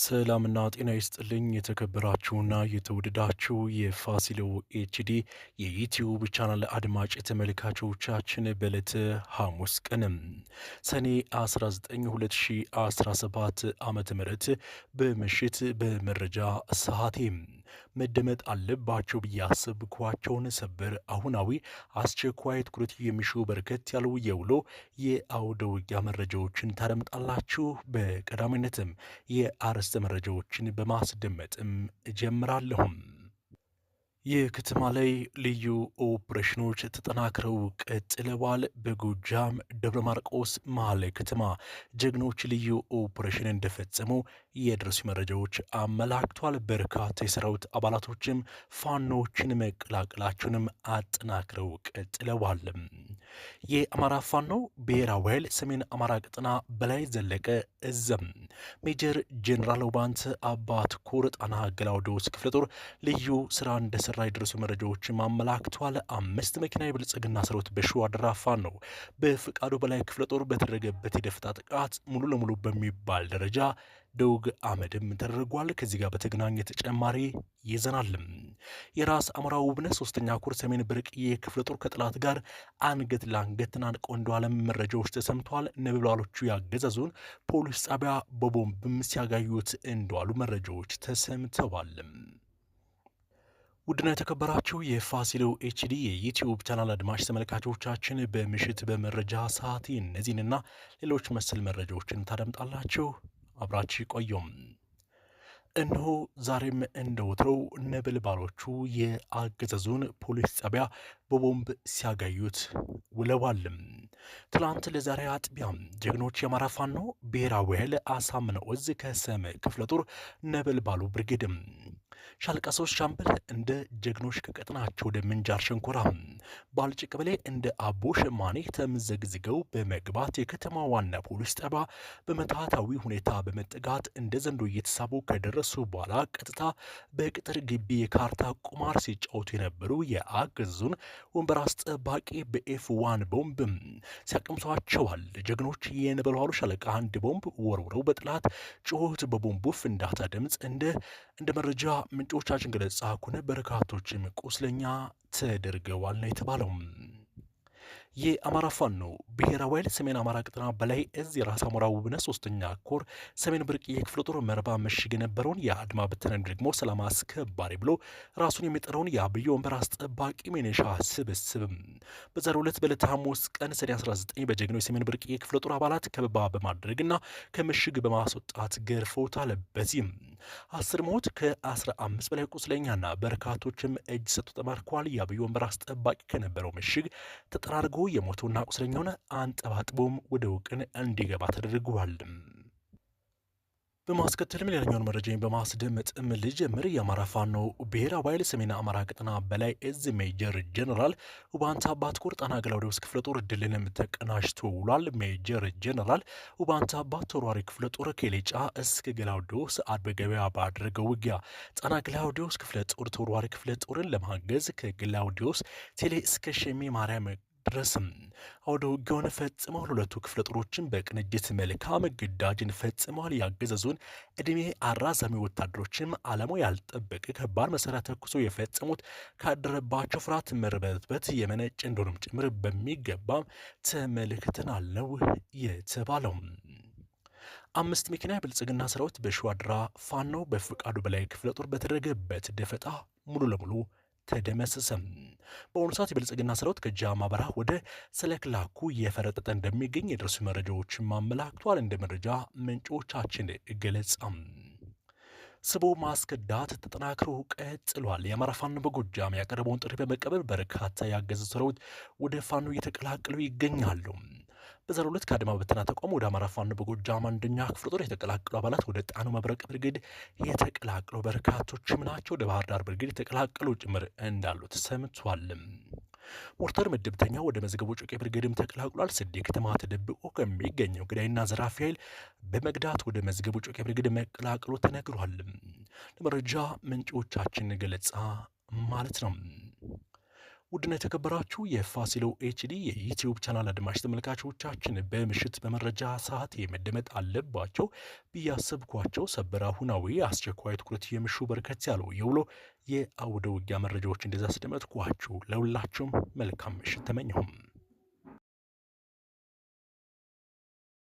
ሰላምና ጤና ይስጥልኝ የተከበራችሁና የተወደዳችሁ የፋሲሎ ኤችዲ የዩትዩብ ቻናል አድማጭ ተመልካቾቻችን በዕለተ ሐሙስ ቀንም ሰኔ 19 2017 ዓ ም በምሽት በመረጃ ሰዓቴም መደመጥ አለባቸው ብዬ አሰብኳቸውን ሰበር አሁናዊ አስቸኳይ ትኩረት የሚሹ በርከት ያሉ የውሎ የአውደ ውጊያ መረጃዎችን ታደምጣላችሁ። በቀዳሚነትም የአርዕስተ መረጃዎችን በማስደመጥም እጀምራለሁም። የከተማ ላይ ልዩ ኦፕሬሽኖች ተጠናክረው ቀጥለዋል። በጎጃም ደብረ ማርቆስ መሀል ከተማ ጀግኖች ልዩ ኦፕሬሽን እንደፈጸሙ የደረሱ መረጃዎች አመላክቷል። በርካታ የሰራዊት አባላቶችም ፋኖዎችን መቀላቀላቸውንም አጠናክረው ቀጥለዋል። የአማራ ፋኖ ብሔራዊ ኃይል ሰሜን አማራ ቀጠና በላይ ዘለቀ እዘም ሜጀር ጄኔራል ኦባንት አባት ኮር ጣና ገላውዴዎስ ክፍለ ጦር ልዩ ስራ እንደሰራ የደረሱ መረጃዎችም አመላክተዋል። አምስት መኪና የብልጽግና ሰራዊት በሸዋ ደራፋ ነው። በፍቃዱ በላይ ክፍለ ጦር በተደረገበት የደፈጣ ጥቃት ሙሉ ለሙሉ በሚባል ደረጃ ደውግ አመድም ተደርጓል። ከዚህ ጋር በተገናኘ ተጨማሪ ይዘናልም። የራስ አምራው ውብነት ሶስተኛ ኩር ሰሜን ብርቅዬ ክፍለ ጦር ከጥላት ጋር አንገት ለአንገት ተናንቆ እንደዋለም መረጃዎች ተሰምተዋል። ነበልባሎቹ ያገዘዙን ፖሊስ ጣቢያ በቦምብም ሲያጋዩት እንደዋሉ መረጃዎች ተሰምተዋል። ውድና የተከበራችሁ የፋሲሎ ኤችዲ የዩቲዩብ ቻናል አድማጭ ተመልካቾቻችን በምሽት በመረጃ ሰዓት እነዚህንና ሌሎች መሰል መረጃዎችን ታደምጣላችሁ። አብራችሁ ቆዩም። እነሆ ዛሬም እንደወትሮው ነበልባሎቹ የአገዛዙን ፖሊስ ጣቢያ በቦምብ ሲያጋዩት ውለዋልም። ትላንት ለዛሬ አጥቢያ ጀግኖች የአማራ ፋኖ ብሔራዊ ኃይል አሳምነው እዝ ከሰም ክፍለ ጦር ነበልባሉ ብርጌድም ሻለቃ ሶስት ሻምበል እንደ ጀግኖች ከቀጥናቸው ወደ ምንጃር ሸንኮራ ባልጭ ቀበሌ እንደ አቦ ሸማኔ ተምዘግዝገው በመግባት የከተማ ዋና ፖሊስ ጠባ በመታታዊ ሁኔታ በመጠጋት እንደ ዘንዶ እየተሳቡ ከደረሱ በኋላ ቀጥታ በቅጥር ግቢ የካርታ ቁማር ሲጫወቱ የነበሩ የአገዙን ወንበር አስጠባቂ በኤፍ ዋን ቦምብ ሲያቀምሷቸዋል። ጀግኖች የነበልባሉ ሻለቃ አንድ ቦምብ ወርውረው በጥላት ጩኸት በቦምቡ ፍንዳታ ድምፅ እንደ እንደ መረጃ ምንጮቻችን ገለጻ ከሆነ በርካቶችም ቁስለኛ ተደርገዋል ነው የተባለው። የአማራ ፋኖ ብሔራዊ ኃይል ሰሜን አማራ ቅጥና በላይ እዚ ራስ አሞራ ውብነ ሶስተኛ ኮር ሰሜን ብርቅ የክፍለ ጦር መርባ መሽግ የነበረውን የአድማ ብተናን ደግሞ ሰላም አስከባሪ ብሎ ራሱን የሚጠራውን የአብይ ወንበር አስጠባቂ ሚኒሻ ስብስብ በዛሬው ዕለት በዕለተ ሐሙስ ቀን ሰኔ 19 በጀግናው የሰሜን ብርቅ የክፍለ ጦር አባላት ከበባ በማድረግና ከምሽግ በማስወጣት ገርፈውታል። በዚህም አስር ሞት ከ15 በላይ ቁስለኛና በርካቶችም እጅ ሰጥቶ ተማርከዋል። የአብይ ወንበር አስጠባቂ ከነበረው ምሽግ ተጠራርጎ የሞተውና ቁስለኛውን አንጠባጥቦም ወደ ውቅን እንዲገባ ተደርጓል። በማስከተልም ሌላኛውን መረጃኝ በማስደመጥም ልጀምር። የአማራ ፋኖ ብሔራዊ ኃይል ሰሜን አማራ ቅጥና በላይ እዝ ሜጀር ጀነራል ውባንታ አባትኮር ጣና ገላውዴዎስ ክፍለ ጦር ድልንም ተቀናሽቶ ውሏል። ሜጀር ጀነራል ውባንተ አባት ተሯሪ ክፍለ ጦር ከሌጫ እስከ ገላውዴዎስ አድበ ገበያ ባደረገው ውጊያ ጣና ገላውዴዎስ ክፍለ ጦር ተሯሪ ክፍለ ጦርን ለማገዝ ከገላውዴዎስ ቴሌ እስከ ሸሜ ማርያም ድረስም አውደ ውጊያውን ፈጽመዋል። ሁለቱ ክፍለ ጦሮችን በቅንጅት መልካም ግዳጅን ፈጽመዋል። ያገዘዙን እድሜ አራዛሚ ወታደሮችም አለማው ያልጠበቀ ከባድ መሳሪያ ተኩሶ የፈጸሙት ካደረባቸው ፍርሃት መርበትበት የመነጭ እንደሆኑም ጭምር በሚገባ ተመልክተናል ነው የተባለው። አምስት መኪና የብልጽግና ሰራዊት በሸዋድራ ፋኖ በፍቃዱ በላይ ክፍለ ጦር በተደረገበት ደፈጣ ሙሉ ለሙሉ ተደመሰሰም። በአሁኑ ሰዓት የብልጽግና ሰራዊት ከጃማ በረሃ ወደ ሰለክላኩ እየፈረጠጠ እንደሚገኝ የደረሱ መረጃዎችን አመላክቷል። እንደ መረጃ ምንጮቻችን ገለጻም ስቦ ማስከዳት ተጠናክሮ ቀጥሏል። የአማራ ፋኖ በጎጃም ያቀረበውን ጥሪ በመቀበል በርካታ ያገዘ ሰራዊት ወደ ፋኖ እየተቀላቀሉ ይገኛሉ። በዛሬው ዕለት ከአድማ በተና ተቋም ወደ አማራ ፋኖ በጎጃም አንደኛ ክፍለ ጦር የተቀላቀሉ አባላት ወደ ጣኑ መብረቅ ብርግድ የተቀላቀሉ በርካቶችም ናቸው። ወደ ባህር ዳር ብርግድ የተቀላቀሉ ጭምር እንዳሉት ሰምቷልም። ሞርተር ምድብተኛ ወደ መዝገቡ ጮቄ ብርግድም ተቀላቅሏል። ስዴ ከተማ ተደብቆ ከሚገኘው ግዳይና ዘራፊ ኃይል በመግዳት ወደ መዝገቡ ጮቄ ብርግድ መቀላቅሎ ተነግሯል። ለመረጃ ምንጮቻችን ገለጻ ማለት ነው። ውድና የተከበራችሁ የፋሲሎ ኤችዲ የዩትዩብ ቻናል አድማጭ ተመልካቾቻችን በምሽት በመረጃ ሰዓት መደመጥ አለባቸው ብያሰብኳቸው ሰበር አሁናዊ አስቸኳይ ትኩረት የምሹ በርከት ያለው የውሎ የአውደ ውጊያ መረጃዎች እንደዛ አስደመጥኳችሁ። ለሁላችሁም መልካም ምሽት ተመኘሁም።